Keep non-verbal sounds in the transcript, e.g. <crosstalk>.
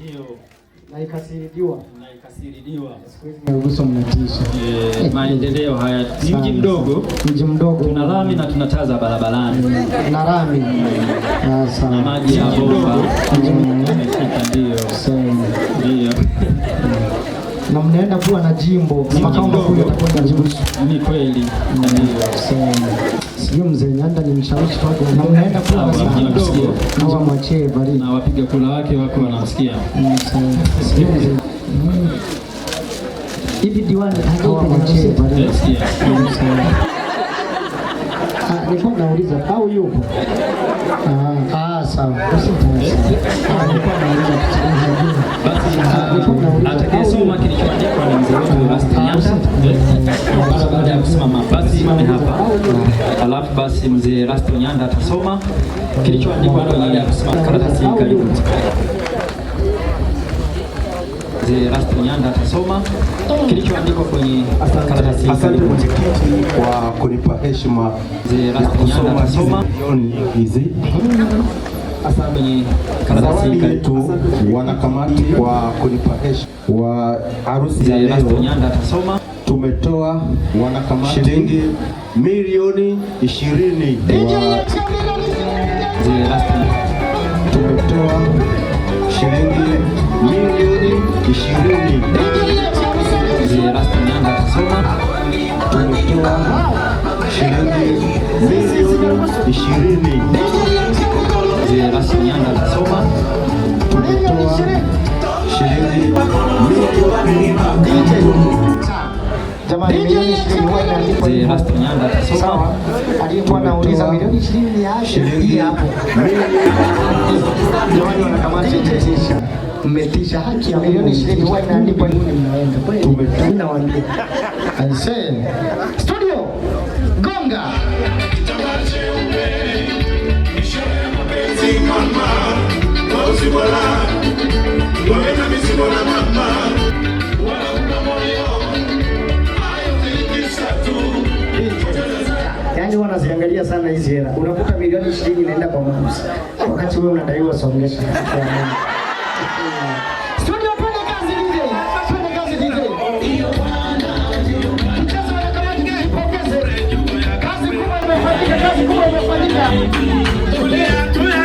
Ndio. Na ikasiridiwa. Na maendeleo haya. Ni mji mdogo, mji mdogo. Tuna lami na tuna taa za barabarani. Tuna lami. Ah, na maji ya bomba. Ndio. Ndio. <laughs> na mnaenda kuwa na jimbo makao makuu yatakuwa Nyarugusu. Ni kweli sijui mzee Nyanda ni mshawishi wake, na mnaenda kuwa na jimbo na wamwachie yaani bali na wapiga kula wake wako wanamsikia mm, hivi diwani hajawamwachie bali mm, ah, nilikuwa nauliza au yupo? Ah, ah sawa. Eh? Ah, nilikuwa nauliza alafu basi mzee Rasto Nyanda atasoma kilichoandikwa kwenye karatasi. Karibu mzee Rasto Nyanda atasoma kilichoandikwa kwenye karatasi. Asante mwenyekiti kwa kunipa heshima Nyanda atasoma hizi zawadi yetu wanakamati kwa kunipa heshima wa harusi ya leo tumetoa wanakamati shilingi milioni ishirini tumetoa shilingi milioni ishirini tumetoa shilingi milioni ishirini tumetoa shilingi milioni ishirini aliyekuwa anauliza milioni ishirini ni aje? Hii hapo jamani, wanakamata ijetisha mmetisha haki ya milioni ishirini huwa inaandikwa nini? Mnaenda tumetunawaambia studio gonga Mama, wanaangalia sana hizi hela. Unakuta milioni 20 inaenda kwa mguzi, wakati wewe unadaiwa songesha. Kazi kubwa